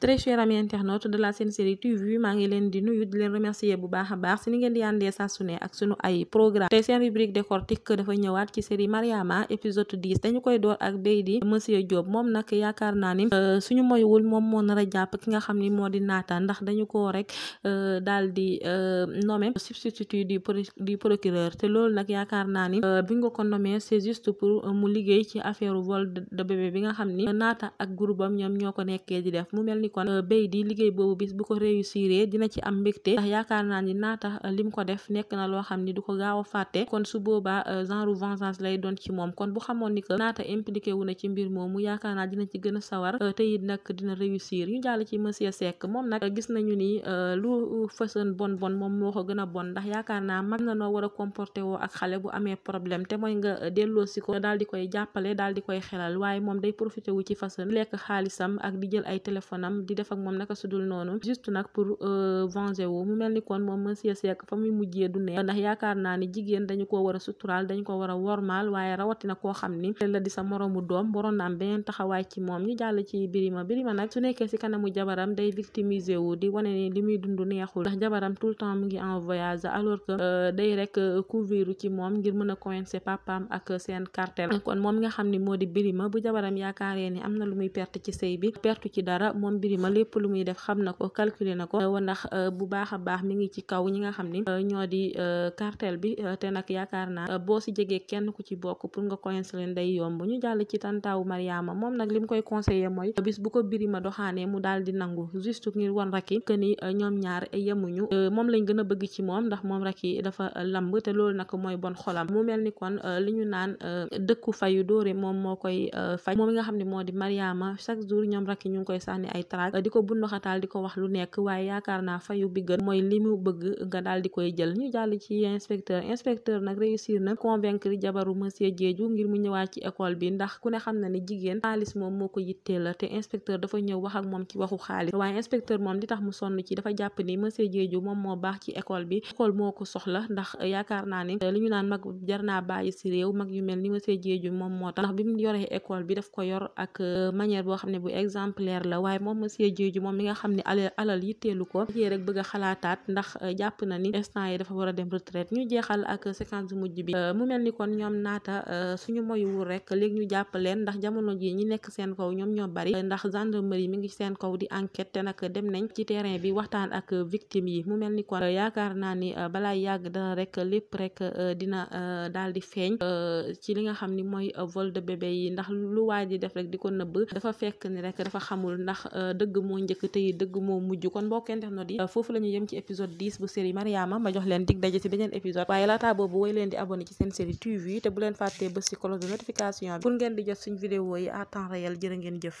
très chers amis internautes de la Sen Série TV maa ngi leen di nuyu di leen remercier bu baax a baax si ni ngeen di yàndee saa su ne ak sunu ay programme tey seen rubrique décortique dafa ñëwaat ci série Mariama épisode dañu koy door ak béy di monsieur Diop moom nag yaakaar naa ni euh, suñu moywul moom moo nar a jàpp ki nga xam ni moo di naata ndax dañu ko rek euh, daal di euh, nommé substitut di du procureur te loolu nag yaakaar naa ni bi nga ko nommé c'est juste pour mu liggéey ci affaire vol bi nga xam ni naata ak groupam ñoom ñoo ko nekkee mel ni kon béy di liggéey boobu bis bu ko réussiree dina ci am mbégte ndax yaakaar naa ni naa euh, lim ko def nekk na loo xam ni du ko gaaw a fàtte kon su boobaa euh, genre vengeance lay doon ci moom kon bu xamoon ni que naata impliqué wu na ci mbir moomu yaakaar naa dina ci gën a sawar euh, te it nag dina réussir ñu jàll ci monsieur Seck moom nag gis nañu ni lu fësën bon bon moom moo ko gën a bon ndax yaakaar naa mag na noo war a comporté woo ak xale bu amee problème te mooy nga delloo si ko daal di koy jàppale daal di koy xelal kanam di def ak moom naka sudul noonu juste nag pour euh, venger wu mu mel ni kon moom monsieur Seck fa muy mujjee du neex ndax yaakaar naa ni jigéen dañu ko war a suturaal dañu ko war a wormaal waaye rawatina koo xam ni sa moroomu doom waroon na am taxawaay ci moom ñu jàll ci birima birima nag su nekkee si kanamu jabaram day victimisé di wane ni li muy dund neexul ndax jabaram tout temps mu ngi en alors que euh, day rek euh, couvrir ci moom ngir mën a coincer Birima lépp lu muy def xam na ko calculer na ko wanax euh, bu baax a baax mi ngi ci kaw ñi nga xam ni euh, ñoo di euh, cartel bi te nag yaakaar naa boo si jegee kenn ku ci bokk pour nga coince leen day yomb ñu jàll ci tantaawu Mariama moom nag li mu koy conseiller mooy bis bu ko Birima doxaanee mu daal di nangu juste ngir won Racky que ni ñoom ñaar yemuñu moom lañ gën a bëgg ci moom ndax moom Racky dafa lamb te loolu nag mooy bon xolam mu mel ni kon li ñu naan dëkku fayu dóore moom moo moo di Mariama chaque jour ñoom Racky ñu ngi track di ko bunduxataal di ko wax lu nekk waaye yaakaar naa fayu bi gën mooy li mu bëgg nga daal di koy jël ñu jàll ci inspecteur inspecteur nag réussir na convaincre jabaru monsieur Diédhiou ngir mu ñëwaat ci école bi ndax ku ne xam na ne jigéen xaalis moom moo ko yittee la te inspecteur ñëw wax ak moom ci waxu xaalis waaye inspecteur moom li tax mu sonn ci dafa jàpp ni monsieur Diédhiou moom moo baax ci école bi école moo ko soxla ndax yaakaar naa ne li ñu naan mag jar naa bàyyi si réew mag yu mel ni monsieur Diédhiou moom moo tax ndax bi mu yoree école bi daf ko yor ak euh, manière boo xam ne bu exemplaire la waaye moom monsieur Diédhiou moom mi nga xam ne alal alal yitteelu ko jee rek bëgg xalaataat ndax euh, jàpp na ni instant yi dafa war a dem retraite ñu jeexal ak séquence mujj bi euh, mu mel ni kon ñoom naata euh, suñu moyuwul rek léegi ñu jàpp leen ndax jamono ji ñu nekk seen kaw ñoom ñoo bari ndax gendarmerie mi ngi seen kaw di enquête te nag dem nañ ci terrain bi waxtaan ak victime yi mu mel ni kon yaakaar naa ni balaa yàgg dana rek lépp rek dina daal di feeñ ci li nga xam ni mooy vol yi ndax dëgg moo njëkk tey dëgg moo mujj kon mbokk internet yi foofu la yem ci épisode 10 bu série Mariama ma jox leen dig daje ci beneen épisode waaye laata boobu woy leen di abonné ci seen série TV te bu leen fàttee bës ci cloche de notification bi pour ngeen di jot suñ vidéo yi à temps réel jërë ngeen jëf